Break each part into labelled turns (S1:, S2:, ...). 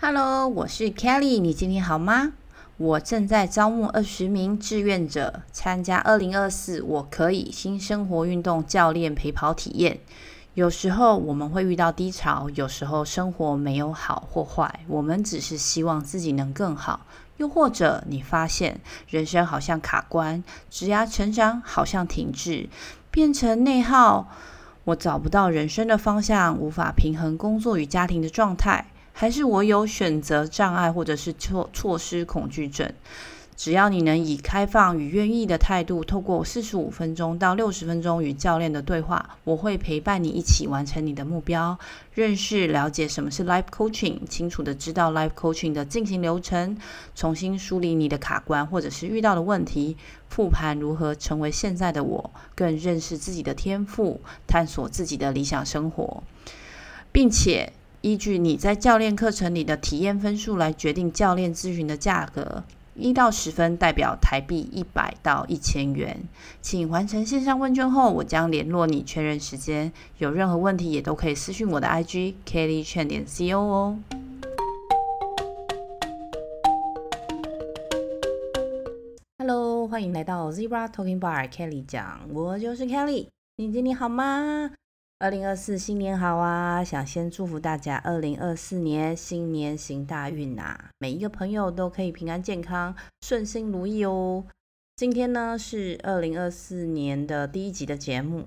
S1: 哈嘍，我是 Kelly。你今天好嗎？我正在招募二十名志願者參加二零二四“我可以新生活”運動教練陪跑體驗。有時候我們會遇到低潮，有時候生活沒有好或壞，我們只是希望自己能更好。又或者你發現人生好像卡關，職業成長好像停滯，變成內耗。我找不到人生的方向，無法平衡工作與家庭的狀態。還是我有選擇障礙，或者是錯、錯失恐懼症？只要你能以開放與願意的態度，透過四十五分鐘到六十分鐘與教練的對話，我會陪伴你一起完成你的目標，認識、了解什麼是 Life Coaching，清楚地知道 Life Coaching 的進行流程，重新梳理你的卡關或者是遇到的問題，覆盤如何成為現在的我，更認識自己的天賦，探索自己的理想生活，並且。依據你在教練課程裡的體驗分數來決定教練諮詢的價格，一到十分代表台幣一百到一千元。請完成線上問卷後，我將聯絡你確認時間。有任何問題也都可以私訊我的 IG Kelly 券點 C.O.O。Hello，歡迎來到 Zebra Talking Bar，Kelly 講，我就是 Kelly。姐姐你好嗎？二零二四新年好啊！想先祝福大家2024，二零二四年新年行大運吶，啊，每一個朋友都可以平安健康，順心如意哦。今天呢，是二零二四年的第一集的節目，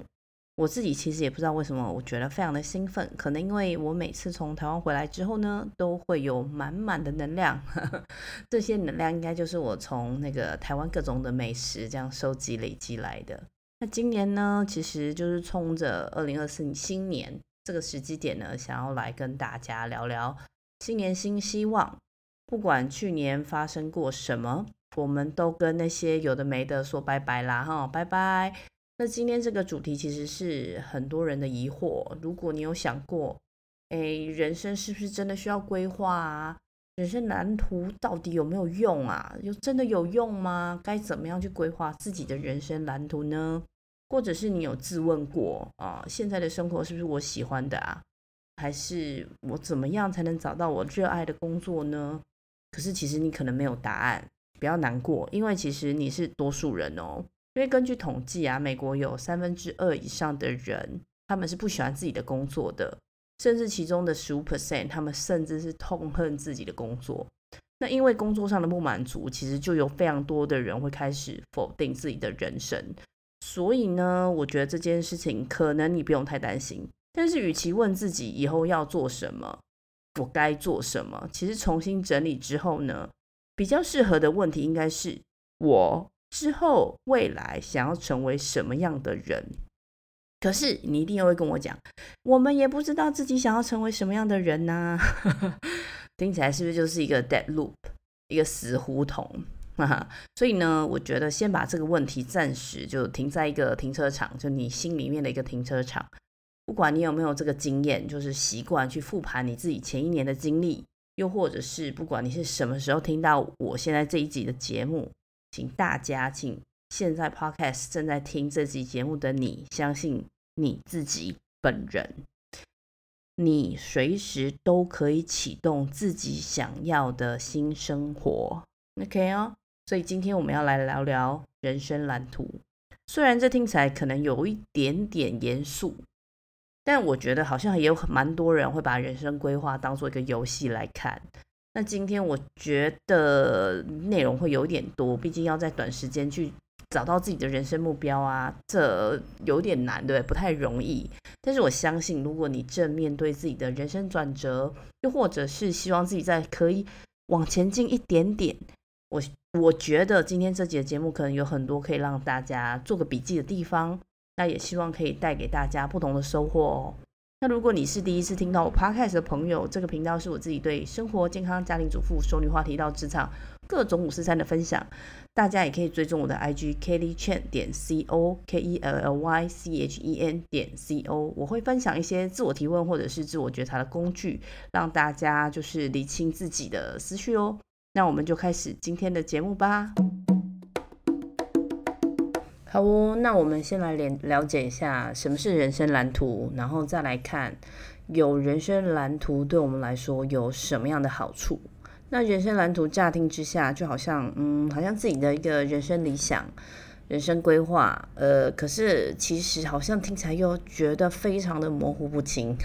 S1: 我自己其實也不知道為什麼，我覺得非常的興奮，可能因為我每次從台灣回來之後呢，都會有滿滿的能量， 這些能量應該就是我從那個台灣各種的美食這樣收集累積來的。那今年呢，其實就是衝着二零二四年新年這個時機點呢，想要來跟大家聊聊新年新希望。不管去年發生過什麼，我們都跟那些有的沒的說拜拜啦，哈，拜拜。那今天這個主題其實是很多人的疑惑，如果你有想過，哎，人生是不是真的需要規劃啊？人生藍圖到底有沒有用啊？有，真的有用嗎？該怎麼樣去規劃自己的人生藍圖呢？或者是你有自問過啊？現在的生活是不是我喜歡的啊？還是我怎麼樣才能找到我熱愛的工作呢？可是其實你可能沒有答案，不要難過，因為其實你是多數人哦。因為根據統計啊，美國有三分之二以上的人，他們是不喜歡自己的工作的。甚至其中的十五 percent，他們甚至是痛恨自己的工作。那因為工作上的不滿足，其實就有非常多的人會開始否定自己的人生。所以呢，我覺得這件事情可能你不用太擔心。但是，與其問自己以後要做什麼，我該做什麼，其實重新整理之後呢，比較適合的問題應該是：我之後未來想要成為什麼樣的人？可是你一定又會跟我講，我們也不知道自己想要成為什麼樣的人吶啊， 聽起來是不是就是一個 dead loop，一個死胡同？ 所以呢，我覺得先把這個問題暫時就停在一個停車場，就你心裡面的一個停車場。不管你有沒有這個經驗，就是習慣去復盤你自己前一年的經歷，又或者是不管你是什麼時候聽到我現在這一集的節目，請大家請。現在 Podcast 正在聽這集節目的你，相信你自己本人，你隨時都可以啟動自己想要的新生活，OK 哦。所以今天我們要來聊聊人生藍圖。雖然這聽起來可能有一點點嚴肅，但我覺得好像也有蠻多人會把人生規劃當做一個遊戲來看。那今天我覺得內容會有點多，畢竟要在短時間去。找到自己的人生目標啊，這有點難，對不對？不太容易。但是我相信，如果你正面對自己的人生轉折，又或者是希望自己再可以往前進一點點，我我覺得今天這集的節目可能有很多可以讓大家做個筆記的地方。那也希望可以帶給大家不同的收穫哦。那如果你是第一次聽到我 podcast 的朋友，這個頻道是我自己對生活、健康、家庭主婦、淑女話題到職場。各種五四三的分享，大家也可以追蹤我的 IG Kelly Chen 點 C O K E L L Y C H E N 點 C O。我會分享一些自我提問或者是自我覺察的工具，讓大家就是理清自己的思緒哦。那我們就開始今天的節目吧。好哦，那我們先來連了解一下什麼是人生藍圖，然後再來看有人生藍圖對我們來說有什麼樣的好處。那人生藍圖乍聽之下，就好像，嗯，好像自己的一個人生理想、人生規劃，呃，可是其實好像聽起來又覺得非常的模糊不清。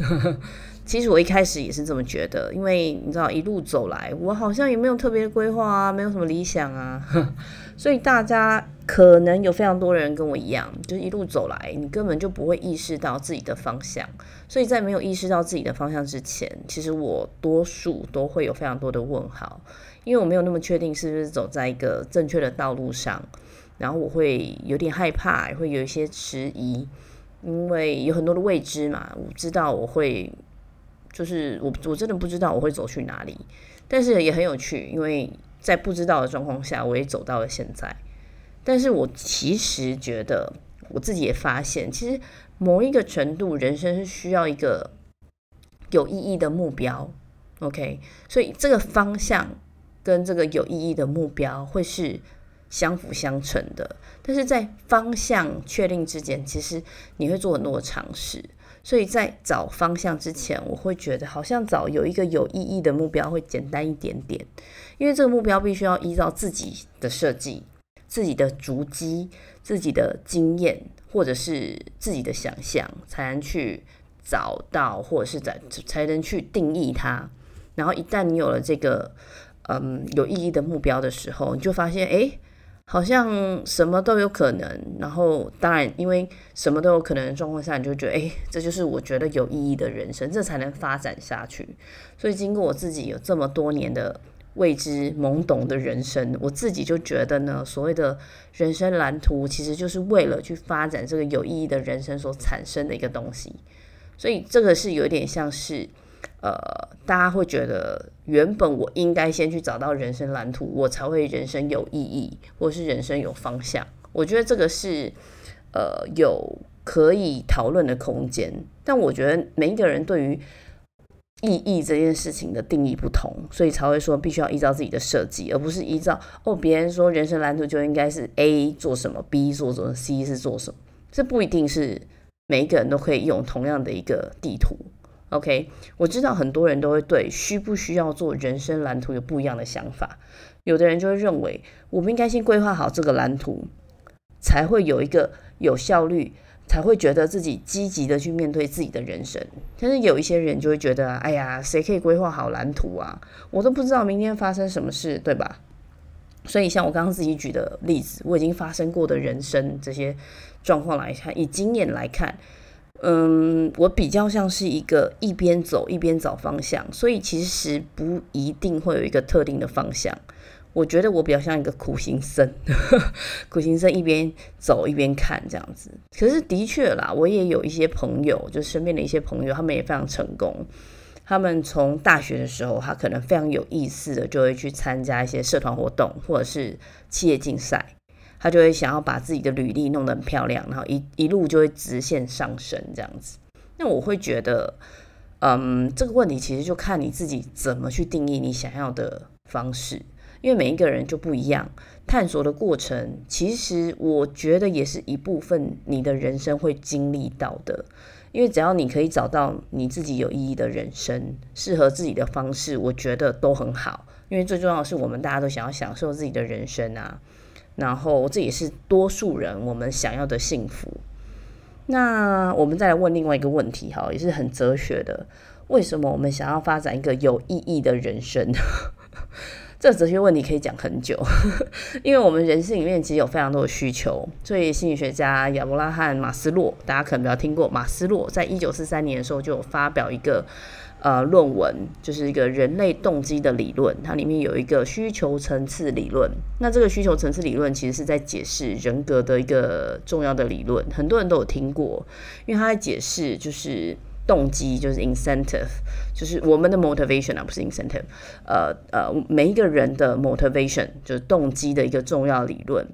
S1: 其實我一開始也是這麼覺得，因為你知道，一路走來，我好像也沒有特別的規劃啊，沒有什麼理想啊， 所以大家可能有非常多人跟我一樣，就是一路走來，你根本就不會意識到自己的方向。所以在沒有意識到自己的方向之前，其實我多數都會有非常多的問號，因為我沒有那麼確定是不是走在一個正確的道路上，然後我會有點害怕，也會有一些遲疑，因為有很多的未知嘛，我知道我會。就是我，我真的不知道我會走去哪裡，
S2: 但是也很
S1: 有趣，因為在不知道的狀況下，我也走到了現在。但是我其實覺得，我自己也發現，其實某一個程度，人生是需要一個有意義的目標。OK，所以這個方向跟這個有意義的目標會是相輔相成的。但是在方向確定之間，其實你會做很多嘗試。所以在找方向之前，我會覺得好像找有一個有意義的目標會簡單一點點，因為這個目標必須要依照自己的設計、自己的足跡、自己的經驗，或者是自己的想象，才能去找到或者是在才，才能去定義它。然後一旦你有了這個嗯有意義的目標的時候，你就發現誒。好像什麼都有可能，然後當然，因為什麼都有可能的狀況下，你就覺得，哎、欸，這就是我覺得有意義的人生，這才能發展下去。所以，經過我自己有這麼多年的未知懵懂的人生，我自己就覺得呢，所謂的人生藍圖，其實就是為了去發展這個有意義的人生所產生的一個東西。所以，這個是有點像是。呃，大家會覺得原本我應該先去找到人生藍圖，我才會人生有意義，或是人生有方向。我覺得這個是呃有可以討論的空間。但我覺得每一個人對於意義這件事情的定義不同，所以才會說必須要依照自己的設計，而不是依照哦別人說人生藍圖就應該是 A 做什麼，B 做什麼，C 是做什麼。這不一定是每一個人都可以用同樣的一個地圖。OK，我知道很多人都會對需不需要做人生藍圖有不一樣的想法。有的人就會認為，我不應該先規劃好這個藍圖，才會有一個有效率，才會覺得自己積極的去面對自己的人生。但是有一些人就會覺得，哎呀，誰可以規劃好藍圖啊？我都不知道明天發生什麼事，對吧？所以像我剛剛自己舉的例子，我已經發生過的人生這些狀況來看，以經驗來看。嗯，我比較像是一個一邊走一邊找方向，所以其實不一定會有一個特定的方向。我覺得我比較像一個苦行僧，呵呵，苦行僧一邊走一邊看這樣子。可是的確啦，我也有一些朋友，就身邊的一些朋友，他們也非常成功。他們從大學的時候，他可能非常有意思的，就會去參加一些社團活動或者是企業競賽。他就會想要把自己的履歷弄得很漂亮，然後一一路就會直線上升這樣子。那我會覺得，嗯，這個問題其實就看你自己怎麼去定義你想要的方式，因為每一個人就不一樣。探索的過程，其實我覺得也是一部分你的人生會經歷到的。因為只要你可以找到你自己有意義的人生，適合自己的方式，我覺得都很好。因為最重要的是，我們大家都想要享受自己的人生啊。然後這也是多數人，我們想要的幸福。那我們再來問另外一個問題哈，也是很哲學的。為什麼我們想要發展一個有意義的人生？ 這哲學問題可以講很久， 因為我們人生裡面其實有非常多的需求。所以心理學家亞伯拉罕·馬斯洛，大家可能比較聽過馬斯洛，在一九四三年的時候就有發表一個，呃，論文就是一個人類動機的理論，它裡面有一個需求層次理論。那這個需求層次理論其實是在解釋人格的一個重要的理論，很多人都有聽過，因為他在解釋就是動機，就是 incentive，就是我們的 motivation 啊，不是 incentive，呃，呃，每一個人的 motivation 就是動機的一個重要理論。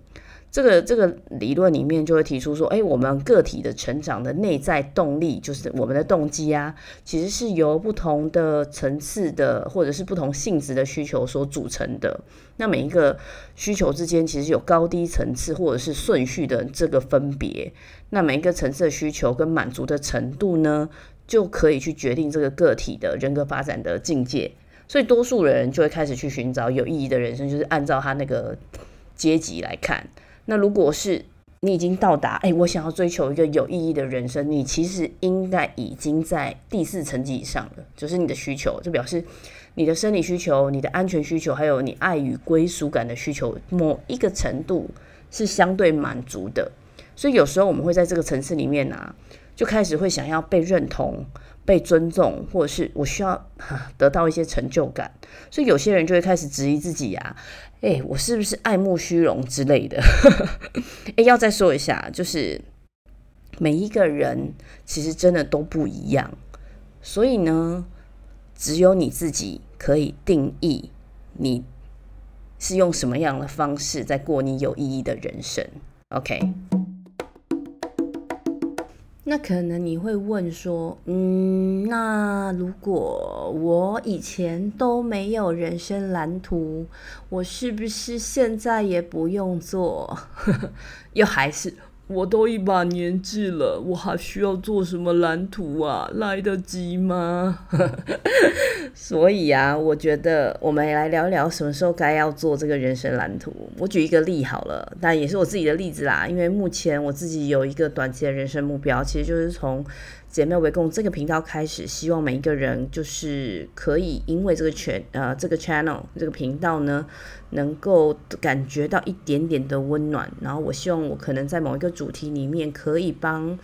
S1: 這個這個理論裡面就會提出說，哎、欸，我們個體的成長的內在動力，就是我們的動機啊,其實是由不同的層次的或者是不同性質的需求所組成的。那每一個需求之間其實有高低層次或者是順序的這個分別。那每一個層次的需求跟滿足的程度呢，就可以去決定這個個體的人格發展的境界。所以多數人就會開始去尋找有意義的人生，就是按照他那個階級來看。那如果是你已經到達，哎、欸，我想要追求一個有意義的人生，你其實應該已經在第四層級以上了，就是你的需求，就表示你的生理需求、你的安全需求，還有你愛與歸屬感的需求，某一個程度是相對滿足的。所以有時候我們會在這個層次裡面呢、啊，就開始會想要被認同。被尊重，或者是我需要得到一些成就感，所以有些人就會開始質疑自己啊，哎、欸，我是不是愛慕虛榮之類的？哎、 欸，要再說一下，就是每一個人其實真的都不一樣，所以呢，只有你自己可以定義你是用什麼樣的方式在過你有意義的人生。OK。那可能你會問說，嗯，那如果我以前都沒有人生藍圖，我是不是現在也不用做， 又還是？我都一把年紀了，我還需要做什麼藍圖啊？來得及嗎？ 所以啊，我覺得我們來聊聊什麼時候該要做這個人生藍圖。我舉一個例好了，但也是我自己的例子啦，因為目前我自己有一個短期的人生目標，其實就是從。姐妹圍攻這個頻道開始，希望每一個人就是可以因為這個全呃這個 channel 這個頻道呢，能夠感覺到一點點的溫暖。然後我希望我可能在某一個主題裡面可以幫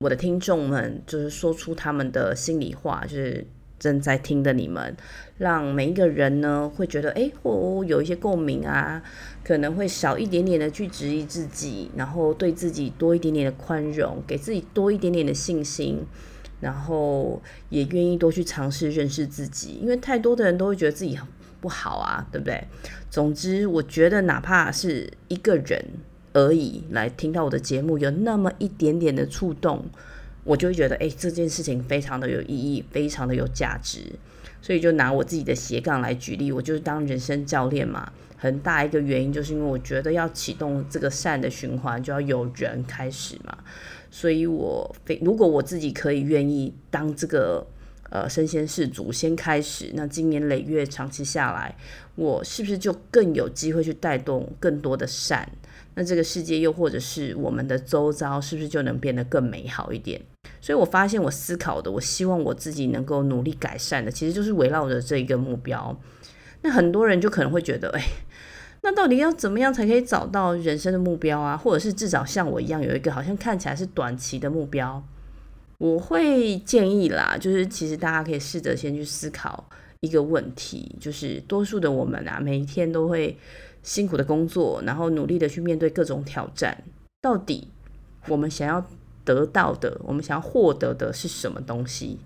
S1: 我的聽眾們，就是說出他們的心裡話，就是。正在聽的你們，讓每一個人呢，會覺得哎，我、欸哦哦、有一些共鳴啊，可能會少一點點的去質疑自己，然後對自己多一點點的寬容，給自己多一點點的信心，然後也願意多去嘗試認識自己，因為太多的人都會覺得自己很不好啊，對不對？總之，我覺得哪怕是一個人而已來聽到我的節目，有那麼一點點的觸動。我就會覺得，哎、欸，這件事情非常的有意義，非常的有價值，所以就拿我自己的斜槓來舉例，我就是當人生教練嘛。很大一個原因就是因為我覺得要啟動這個善的循環，就要有人開始嘛。所以我非如果我自己可以願意當這個呃身先士卒先開始，那經年累月長期下來，我是不是就更有機會去帶動更多的善？那這個世界又或者是我們的周遭，是不是就能變得更美好一點？所以，我發現我思考的，我希望我自己能夠努力改善的，其實就是圍繞着這個目標。那很多人就可能會覺得，哎、欸，那到底要怎麼樣才可以找到人生的目標啊？或者是至少像我一樣，有一個好像看起來是短期的目標？我會建議啦，就是其實大家可以試着先去思考一個問題，就是多數的我們啊，每一天都會辛苦的工作，然後努力的去面對各種挑戰，到底我們想要？得到的，我們想要獲得的是什麼東西？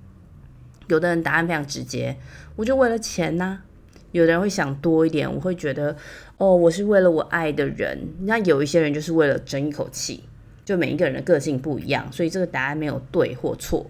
S1: 有的人答案非常直接，我就為了錢吶啊。有的人會想多一點，我會覺得，哦，我是為了我愛的人。那有一些人就是為了爭一口氣，就每一個人的個性不一樣，所以這個答案沒有對或錯，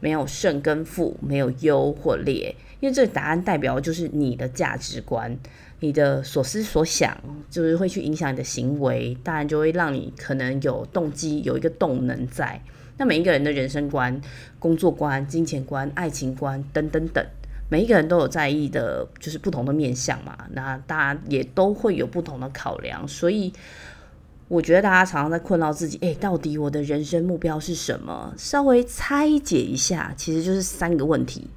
S1: 沒有勝跟負，沒有優或劣，因為這個答案代表就是你的價值觀。你的所思所想，就是會去影響你的行為，當然就會讓你可能有動機，有一個動能在。那每一個人的人生觀、工作觀、金錢觀、愛情觀等等等，每一個人都有在意的，就是不同的面向嘛。那大家也都會有不同的考量，所以我覺得大家常常在困擾自己，哎、欸，到底我的人生目標是什麼？稍微拆解一下，其實就是三個問題。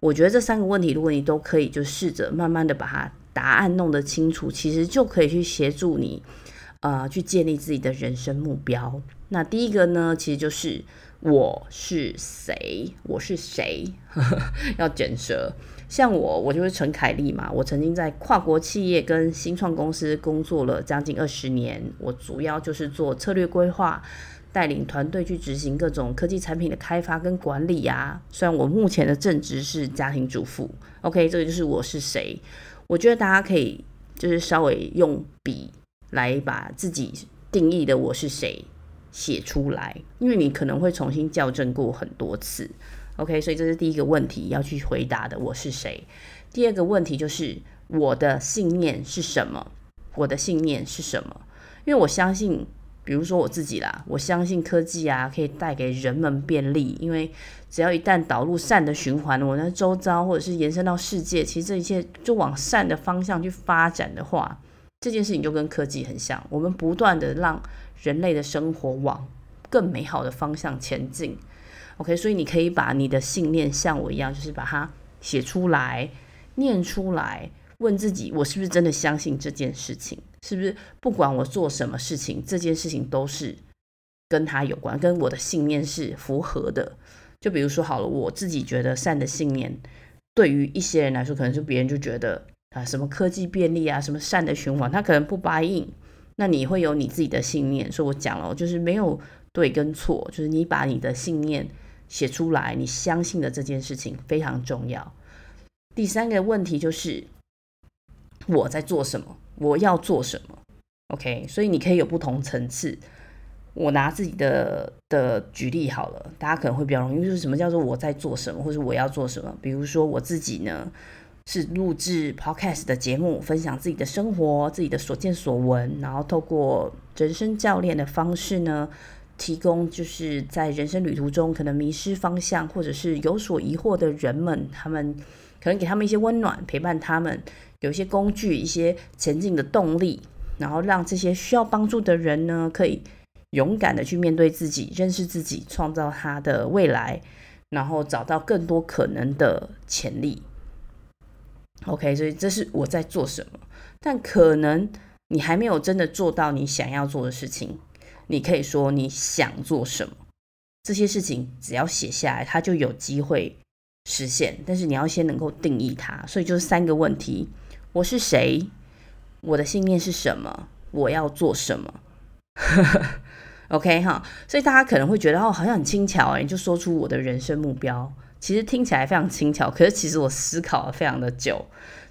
S1: 我覺得這三個問題，如果你都可以，就試着慢慢的把它。答案弄得清楚，其實就可以去協助你，啊、呃，去建立自己的人生目標。那第一個呢，其實就是我是誰？我是誰？ 要捲舌。像我，我就是陳凱麗嘛。我曾經在跨國企業跟新創公司工作了將近二十年，我主要就是做策略規劃，帶領團隊去執行各種科技產品的開發跟管理啊。雖然我目前的正職是家庭主婦，OK，這個就是我是誰。我覺得大家可以就是稍微用筆來把自己定義的我是誰寫出來，因為你可能會重新校正過很多次。OK，所以這是第一個問題要去回答的，我是誰？第二個問題就是我的信念是什麼？我的信念是什麼？因為我相信，比如說我自己啦，我相信科技啊可以帶給人們便利，因為只要一旦導入善的循環，我的周遭或者是延伸到世界，其實這一切就往善的方向去發展的話，這件事情就跟科技很像，我們不斷的讓人類的生活往更美好的方向前進。OK，所以你可以把你的信念像我一樣，就是把它寫出來、念出來，問自己我是不是真的相信這件事情。是不是不管我做什麼事情，這件事情都是跟他有關，跟我的信念是符合的。就比如說好了，我自己覺得善的信念，對於一些人來說，可能就別人就覺得啊，什麼科技便利啊，什麼善的循環，他可能不 buy in。那你會有你自己的信念，所以我講了，就是沒有對跟錯，就是你把你的信念寫出來，你相信的這件事情非常重要。第三個問題就是我在做什麼？我要做什麼？OK，所以你可以有不同層次。我拿自己的的舉例好了，大家可能會比較容易。因為就是什麼叫做我在做什麼，或是我要做什麼？比如說我自己呢，是錄製 Podcast 的節目，分享自己的生活、自己的所見所聞，然後透過人生教練的方式呢，提供就是在人生旅途中可能迷失方向，或者是有所疑惑的人們，他們可能給他們一些溫暖，陪伴他們。有一些工具，一些前進的動力，然後讓這些需要幫助的人呢，可以勇敢的去面對自己，認識自己，創造他的未來，然後找到更多可能的潛力。OK，所以這是我在做什麼。但可能你還沒有真的做到你想要做的事情，你可以說你想做什麼，這些事情只要寫下來，它就有機會實現。但是你要先能夠定義它，所以就是三個問題。我是誰？我的信念是什麼？我要做什麼 ？OK 哈，所以大家可能會覺得哦，好像很輕巧誒、欸、就說出我的人生目標。其實聽起來非常輕巧，可是其實我思考了非常的久，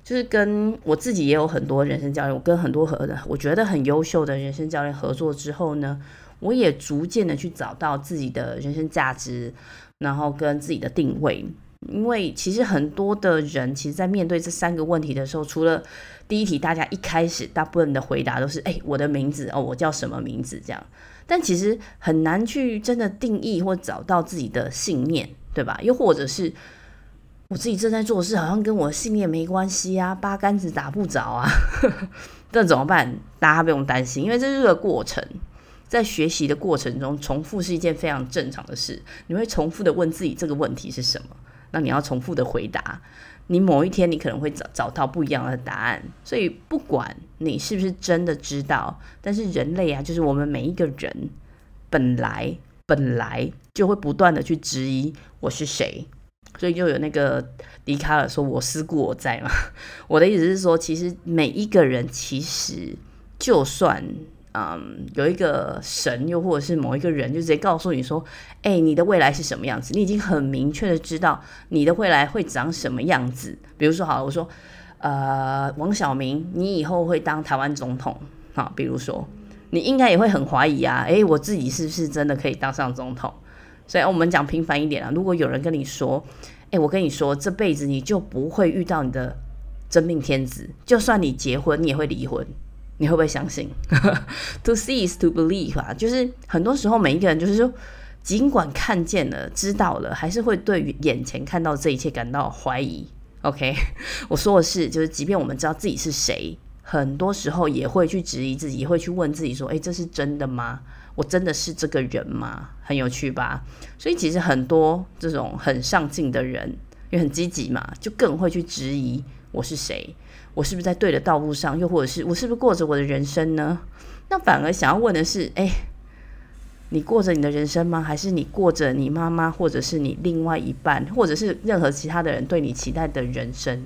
S1: 就是跟我自己也有很多人生教練，我跟很多合的，我覺得很優秀的人生教練合作之後呢，我也逐漸的去找到自己的人生價值，然後跟自己的定位。因為其實很多的人，其實，在面對這三個問題的時候，除了第一題，大家一開始大部分的回答都是“哎、欸，我的名字哦，我叫什麼名字”這樣。但其實很難去真的定義或找到自己的信念，對吧？又或者是我自己正在做事，好像跟我的信念沒關係啊，八竿子打不着啊。那 怎麼辦？大家不用擔心，因為這是個過程，在學習的過程中，重複是一件非常正常的事。你會重複的問自己這個問題是什麼？那你要重複的回答，你某一天你可能會找找到不一樣的答案，所以不管你是不是真的知道，但是人類啊，就是我們每一個人本來本來就會不斷的去質疑我是誰，所以就有那個笛卡爾說“我思故我在”嘛。 我的意思是說，其實每一個人其實就算。嗯，有一個神，又或者是某一個人，就直接告訴你說，哎、欸，你的未來是什麼樣子？你已經很明確的知道你的未來會長什麼樣子。比如說，好，我說，呃，王小明，你以後會當台灣總統，好。比如說，你應該也會很懷疑啊，哎、欸，我自己是不是真的可以當上總統？所以、哦、我們講平凡一點啊。如果有人跟你說，哎、欸，我跟你說，這輩子你就不會遇到你的真命天子，就算你結婚，你也會離婚。你會不會相信 ？To see is to believe 啊、right?，就是很多時候每一個人就是說，儘管看見了、知道了，還是會對眼前看到這一切感到懷疑。OK， 我說的是，就是即便我們知道自己是誰，很多時候也會去質疑自己，也會去問自己說：“哎、欸，這是真的嗎？我真的是這個人嗎？”很有趣吧？所以其實很多這種很上進的人，也很積極嘛，就更會去質疑。我是誰？我是不是在對的道路上？又或者是我是不是過着我的人生呢？那反而想要問的是：誒，你過着你的人生嗎？還是你過着你媽媽，或者是你另外一半，或者是任何其他的人對你期待的人生？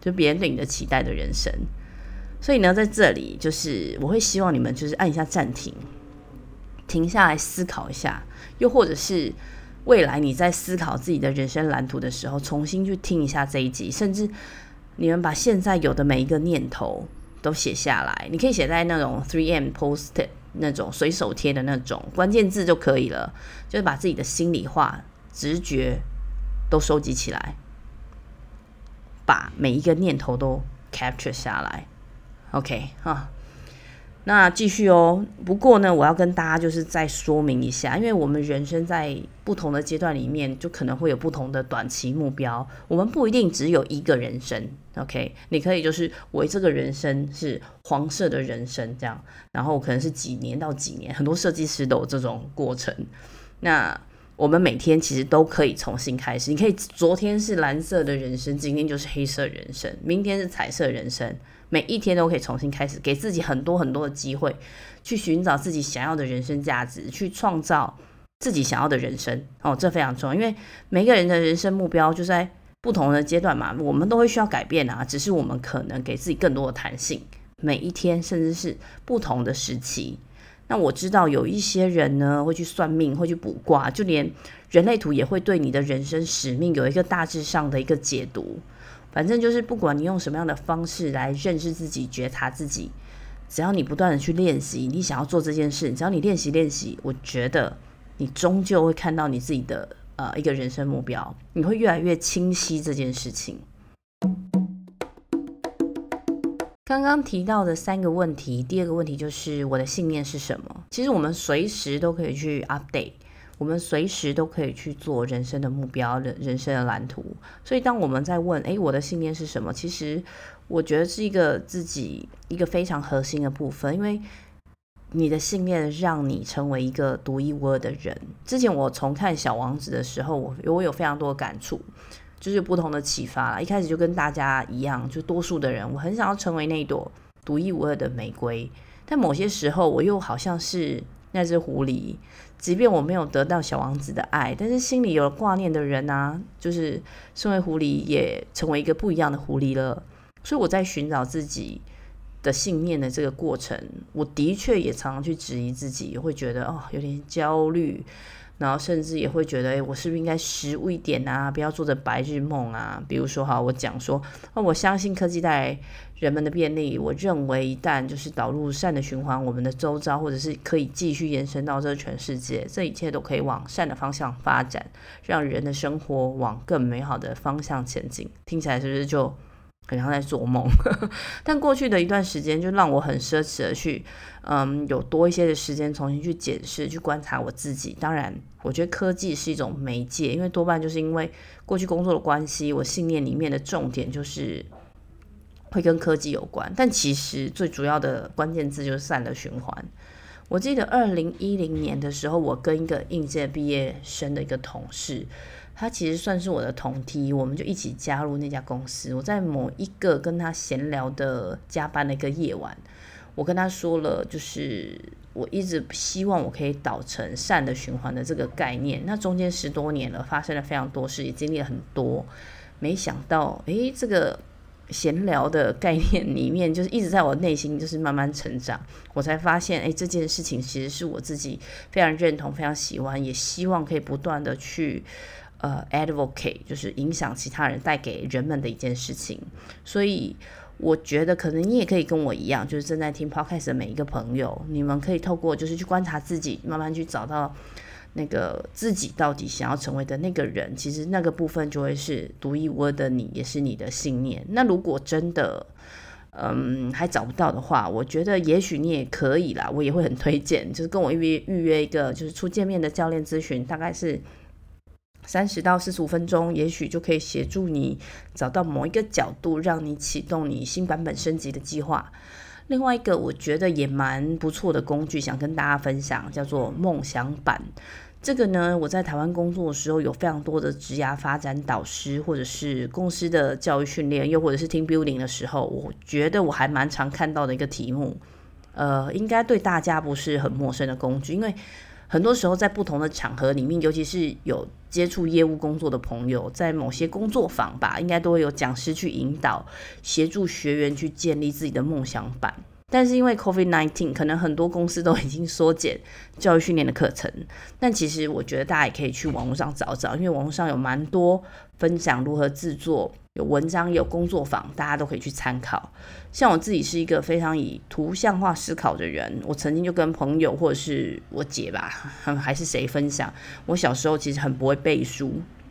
S1: 就別人對你的期待的人生。所以呢，在這裡，就是我會希望你們就是按一下暫停，停下來思考一下。又或者是未來你在思考自己的人生藍圖的時候，重新去聽一下這一集，甚至。你們把現在有的每一個念頭都寫下來，你可以寫在那種 3M Post-it 那種隨手貼的那種關鍵字就可以了，就是把自己的心裡話、直覺都收集起來，把每一個念頭都 capture 下來。OK 啊、huh。那繼續哦。不過呢，我要跟大家就是再說明一下，因為我們人生在不同的階段裡面，就可能會有不同的短期目標。我們不一定只有一個人生，OK？你可以就是我這個人生是黃色的人生這樣，然後可能是幾年到幾年，很多設計師都有這種過程。那我們每天其實都可以重新開始。你可以昨天是藍色的人生，今天就是黑色人生，明天是彩色人生。每一天都可以重新開始，給自己很多很多的機會，去尋找自己想要的人生價值，去創造自己想要的人生。哦，這非常重要，因為每個人的人生目標就在不同的階段嘛，我們都會需要改變啊。只是我們可能給自己更多的彈性，每一天，甚至是不同的時期。那我知道有一些人呢，會去算命，會去卜卦，就連人類圖也會對你的人生使命有一個大致上的一個解讀。反正就是，不管你用什麼樣的方式來認識自己、覺察自己，只要你不斷地去練習，你想要做這件事，只要你練習練習，我覺得你終究會看到你自己的，呃，一個人生目標，你會越來越清晰這件事情。剛剛提到的三個問題，第二個問題就是我的信念是什麼？其實我們隨時都可以去 update。我們隨時都可以去做人生的目標、人人生的藍圖。所以，當我們在問“誒，我的信念是什麼？”其實，我覺得是一個自己一個非常核心的部分。因為你的信念讓你成為一個獨一無二的人。之前我重看《小王子》的時候，我我有非常多感觸，就是不同的啟發啦。一開始就跟大家一樣，就多數的人，我很想要成為那一朵獨一無二的玫瑰。但某些時候，我又好像是。那只狐狸，即便我沒有得到小王子的愛，但是心裡有了掛念的人啊，就是身為狐狸也成為一個不一樣的狐狸了。所以我在尋找自己的信念的這個過程，我的確也常常去質疑自己，也會覺得哦有點焦慮，然後甚至也會覺得哎，我是不是應該實務一點啊，不要做着白日夢啊？比如說哈，我講說，那，哦，我相信科技在。人們的便利，我認為一旦就是導入善的循環，我們的周遭或者是可以繼續延伸到這個全世界，這一切都可以往善的方向發展，讓人的生活往更美好的方向前進。聽起來是不是就很像在做夢？ 但過去的一段時間，就讓我很奢侈的去，嗯，有多一些的時間重新去檢視、去觀察我自己。當然，我覺得科技是一種媒介，因為多半就是因為過去工作的關係，我信念裡面的重點就是。會跟科技有關，但其實最主要的關鍵字就是善的循環。我記得二零一零年的時候，我跟一個應屆畢業生的一個同事，他其實算是我的同梯，我們就一起加入那家公司。我在某一個跟他閒聊的加班的一個夜晚，我跟他說了，就是我一直希望我可以導成善的循環的這個概念。那中間十多年了，發生了非常多事，也經歷了很多，沒想到，誒，這個。閒聊的概念裡面，就是一直在我內心，就是慢慢成長，我才發現，誒、欸，這件事情其實是我自己非常認同、非常喜歡，也希望可以不斷的去呃 advocate，就是影響其他人、帶給人們的一件事情。所以我覺得，可能你也可以跟我一樣，就是正在聽 podcast 的每一個朋友，你們可以透過就是去觀察自己，慢慢去找到。那個自己到底想要成為的那個人，其實那個部分就會是獨一無二的你，也是你的信念。那如果真的，嗯，還找不到的話，我覺得也許你也可以啦，我也會很推薦，就是跟我預約預約一個，就是初見面的教練諮詢，大概是三十到四十五分鐘，也許就可以協助你找到某一個角度，讓你啟動你新版本升級的計劃。另外一個我覺得也蠻不錯的工具，想跟大家分享，叫做夢想板。這個呢，我在台灣工作的時候，有非常多的職涯發展導師，或者是公司的教育訓練，又或者是 team building 的時候，我覺得我還蠻常看到的一個題目，呃，應該對大家不是很陌生的工具，因為很多時候在不同的場合裡面，尤其是有接觸業務工作的朋友，在某些工作坊吧，應該都會有講師去引導，協助學員去建立自己的夢想板。但是因為 COVID-19，可能很多公司都已經縮減教育訓練的課程。但其實我覺得大家也可以去網絡上找找，因為網絡上有蠻多分享如何制作，有文章，有工作坊，大家都可以去參考。像我自己是一個非常以圖像化思考的人，我曾經就跟朋友或者是我姐吧，還是誰分享，我小時候其實很不會背書，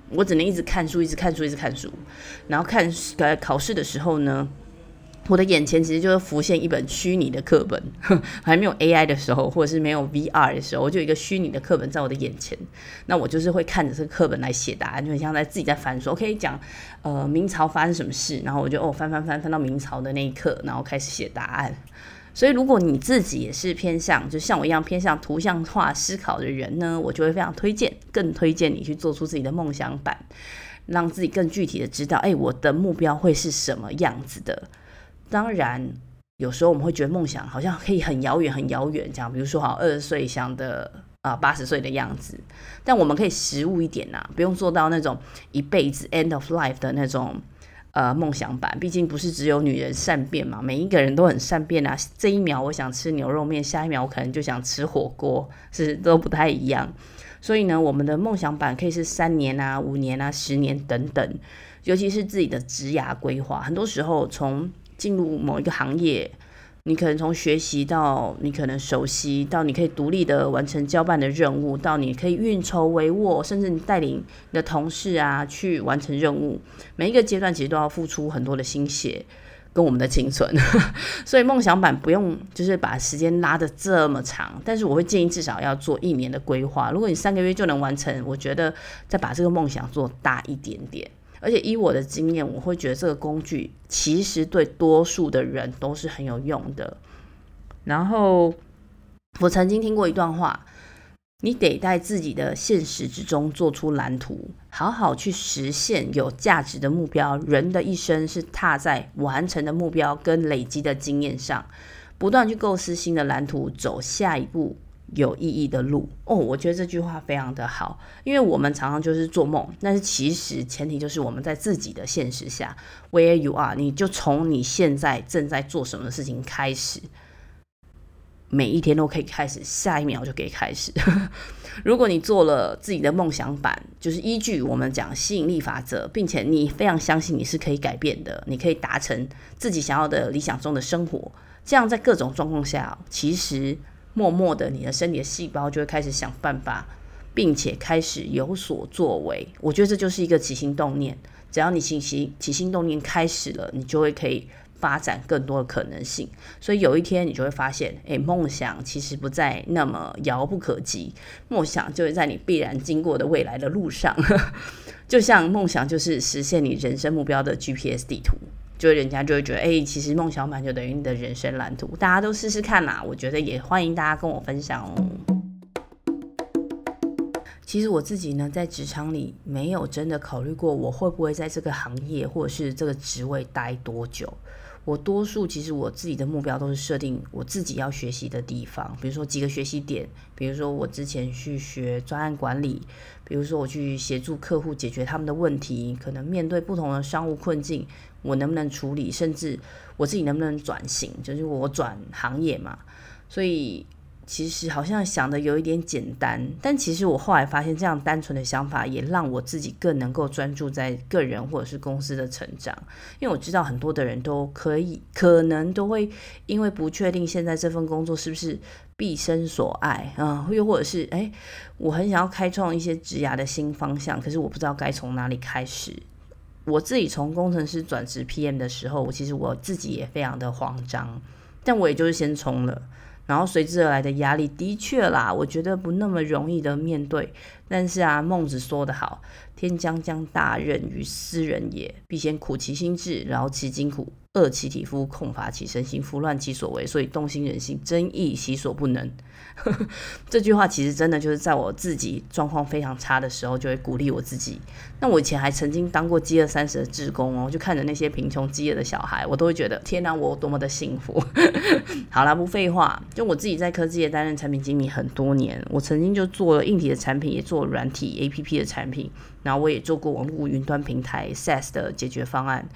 S1: 我只能一直看書，一直看書，一直看書，然後看呃考試的時候呢。我的眼前其實就是浮現一本虛擬的課本，哼，還沒有 AI 的時候，或者是沒有 VR 的時候，我就有一個虛擬的課本在我的眼前。那我就是會看着這個課本來寫答案，就很像在自己在翻書。我可以講，呃，明朝發生什麼事，然後我就哦翻翻翻翻到明朝的那一刻，然後開始寫答案。所以如果你自己也是偏向，就像我一樣偏向圖像化思考的人呢，我就會非常推薦，更推薦你去做出自己的夢想版，讓自己更具體的知道，哎，我的目標會是什麼樣子的。當然，有時候我們會覺得夢想好像可以很遙遠、很遙遠這樣。比如說好像二十歲想的啊，呃、八十歲的樣子。但我們可以實務一點吶、啊，不用做到那種一輩子 end of life 的那種呃夢想版。畢竟不是只有女人善變嘛，每一個人都很善變啊。這一秒我想吃牛肉麵，下一秒我可能就想吃火鍋，是都不太一樣。所以呢，我們的夢想版可以是三年啊、五年啊、十年等等。尤其是自己的職涯規劃，很多時候從。進入某一個行業，你可能從學習到你可能熟悉，到你可以獨立的完成交辦的任務，到你可以運籌帷幄，甚至你帶領你的同事啊去完成任務。每一個階段其實都要付出很多的心血跟我們的青春， 所以夢想版不用就是把時間拉得這麼長，但是我會建議至少要做一年的規劃。如果你三個月就能完成，我覺得再把這個夢想做大一點點。而且依我的經驗，我會覺得這個工具其實對多數的人都是很有用的。然後我曾經聽過一段話：你得在自己的現實之中做出藍圖，好好去實現有價值的目標。人的一生是踏在完成的目標跟累積的經驗上，不斷去構思新的藍圖，走下一步。有意義的路哦，oh, 我覺得這句話非常的好，因為我們常常就是做夢，但是其實前提就是我們在自己的現實下，where you are，你就從你現在正在做什麼事情開始，每一天都可以開始，下一秒就可以開始。 如果你做了自己的夢想板，就是依據我們講吸引力法則，並且你非常相信你是可以改變的，你可以達成自己想要的理想中的生活，這樣在各種狀況下，其實。默默的，你的身體的細胞就會開始想辦法，並且開始有所作為。我覺得這就是一個起心動念。只要你起心起心動念開始了，你就會可以發展更多的可能性。所以有一天你就會發現，哎、欸，夢想其實不再那麼遙不可及，夢想就會在你必然經過的未來的路上。 就像夢想就是實現你人生目標的 GPS 地圖。就人家就會覺得，哎、欸，其實夢想板就等於你的人生藍圖，大家都試試看啦、啊。我覺得也歡迎大家跟我分享哦。其實我自己呢，在職場裡沒有真的考慮過我會不會在這個行業或者是這個職位待多久。我多數其實我自己的目標都是設定我自己要學習的地方，比如說幾個學習點，比如說我之前去學專案管理，比如說我去協助客戶解決他們的問題，可能面對不同的商務困境。我能不能處理，甚至我自己能不能轉型，就是我轉行業嘛。所以其實好像想的有一點簡單，但其實我後來發現，這樣單純的想法也讓我自己更能夠專注在個人或者是公司的成長。因為我知道很多的人都可以，可能都會因為不確定現在這份工作是不是畢生所愛啊、嗯，又或者是哎，我很想要開創一些職涯的新方向，可是我不知道該從哪裡開始。我自己從工程師轉職 PM 的時候，我其實我自己也非常的慌張，但我也就是先衝了，然後隨之而來的壓力的確啦，我覺得不那麼容易的面對。但是啊，孟子說得好：“天將降大任於斯人也，必先苦其心志，勞其筋骨。”餓其體膚，空乏其身心，夫亂其所為，所以動心忍性，增益其所不能。 這句話其實真的就是在我自己狀況非常差的時候，就會鼓勵我自己。那我以前還曾經當過飢餓三十的志工哦，就看着那些貧窮飢餓的小孩，我都會覺得天哪，我多麼的幸福。 好啦，不廢話，就我自己在科技業擔任產品經理很多年，我曾經就做了硬體的產品，也做軟體 APP 的產品，然後我也做過網路雲端平台 SaaS 的解決方案。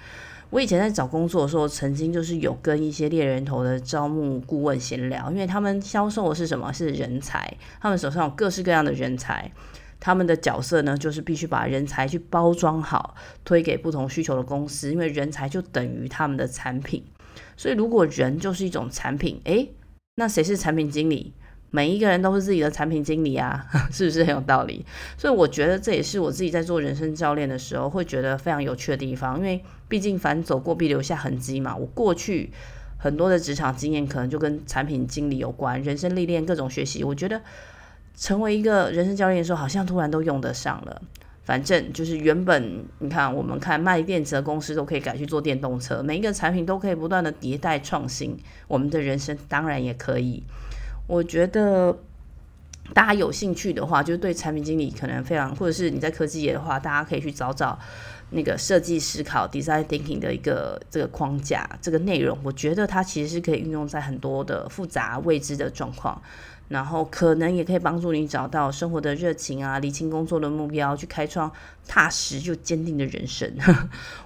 S1: 我以前在找工作的時候，曾經就是有跟一些獵人頭的招募顧問閒聊，因為他們銷售的是什麼？是人才，他們手上有各式各樣的人才，他們的角色呢，就是必須把人才去包裝好，推給不同需求的公司，因為人才就等於他們的產品，所以如果人就是一種產品，誒，那誰是產品經理？每一個人都是自己的產品經理啊，是不是很有道理？所以我覺得這也是我自己在做人生教練的時候會覺得非常有趣的地方。因為畢竟凡走過必留下痕跡嘛，我過去很多的職場經驗可能就跟產品經理有關，人生歷練各種學習，我覺得成為一個人生教練的時候，好像突然都用得上了。反正就是原本你看我們看賣電池的公司都可以改去做電動車，每一個產品都可以不斷的迭代創新，我們的人生當然也可以。我覺得大家有興趣的話，就是對產品經理可能非常，或者是你在科技業的話，大家可以去找找那個設計思考 （design thinking） 的一個這個框架、這個內容。我覺得它其實是可以運用在很多的複雜未知的狀況。然後可能也可以幫助你找到生活的熱情啊，釐清工作的目標，去開創踏實又堅定的人生。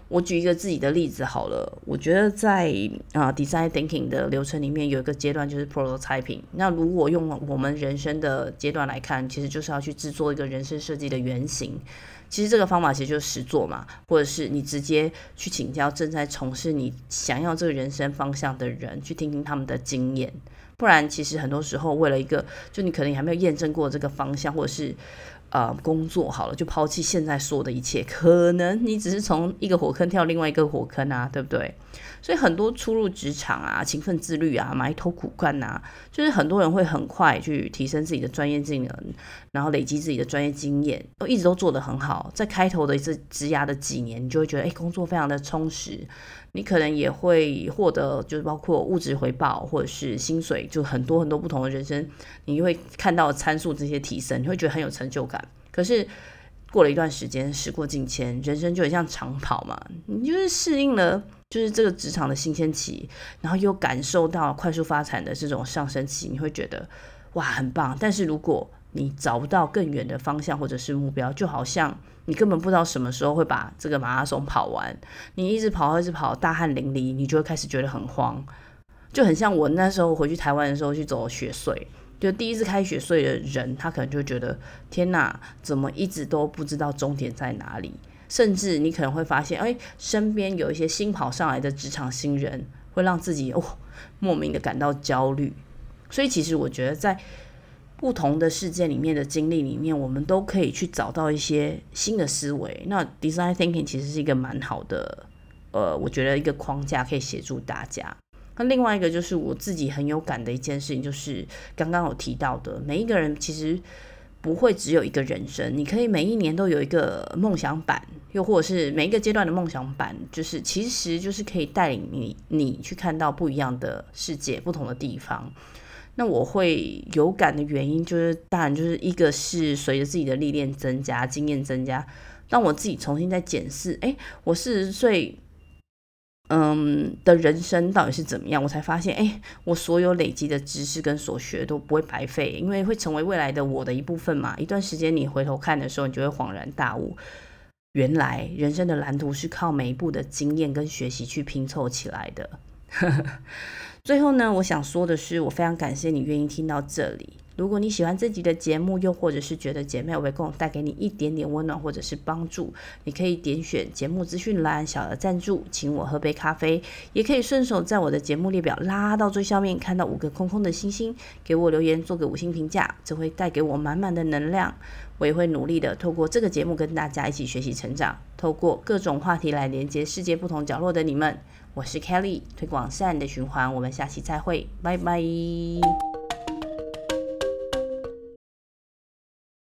S1: 我舉一個自己的例子好了，我覺得在啊，design thinking 的流程裡面有一個階段就是 prototype。那如果用我們人生的階段來看，其實就是要去制作一個人生設計的原型。其實這個方法其實就是實作嘛，或者是你直接去請教正在從事你想要這個人生方向的人，去聽聽他們的經驗。不然，其實很多時候，為了一個，就你可能你還沒有驗證過這個方向，或者是，呃，工作好了，就拋棄現在所有的一切，可能你只是從一個火坑跳另外一個火坑啊，對不對？所以很多初入職場啊，勤奮自律啊，埋頭苦幹啊，就是很多人會很快去提升自己的專業技能。然後累積自己的專業經驗，一直都做得很好。在開頭的這職涯的幾年，你就會覺得，哎，工作非常的充實，你可能也會獲得，就是包括物質回報或者是薪水，就很多很多不同的人生，你會看到參數這些提升，你會覺得很有成就感。可是過了一段時間，時過境遷，人生就很像長跑嘛，你就是適應了就是這個職場的新鮮期，然後又感受到快速發展的這種上升期，你會覺得哇，很棒。但是如果你找不到更遠的方向或者是目標，就好像你根本不知道什麼時候會把這個馬拉松跑完。你一直跑，一直跑，大汗淋漓，你就會開始覺得很慌，就很像我那時候回去台灣的時候去走雪隧，就第一次開雪隧的人，他可能就覺得天哪，怎麼一直都不知道終點在哪裡？甚至你可能會發現，哎、欸，身邊有一些新跑上來的職場新人，會讓自己哦莫名的感到焦慮。所以其實我覺得在。不同的世界裡面的經歷裡面，我們都可以去找到一些新的思維。那 design thinking 其實是一個蠻好的，呃，我覺得一個框架可以協助大家。那另外一個就是我自己很有感的一件事情，就是剛剛我提到的，每一個人其實不會只有一個人生，你可以每一年都有一個夢想板，又或者是每一個階段的夢想板，就是其實就是可以帶領你你去看到不一樣的世界，不同的地方。那我會有感的原因，就是當然，就是一個是隨着自己的歷練增加、經驗增加，讓我自己重新再檢視。哎，我四十歲，嗯，的人生到底是怎麼樣？我才發現，哎，我所有累積的知識跟所學都不會白費，因為會成為未來的我的一部分嘛。一段時間你回頭看的時候，你就會恍然大悟，原來人生的藍圖是靠每一步的經驗跟學習去拼湊起來的。 最後呢，我想說的是，我非常感謝你願意聽到這裡。如果你喜歡這集的節目，又或者是覺得姐妹有為共帶給你一點點溫暖或者是幫助，你可以點選節目資訊欄小額贊助，請我喝杯咖啡，也可以順手在我的節目列表拉到最下面，看到五個空空的星星，給我留言做個五星評價，這會帶給我滿滿的能量。我也會努力的透過這個節目跟大家一起學習成長，透過各種話題來連接世界不同角落的你們。我是 Kelly，推廣善的循環，我們下期再會，拜拜。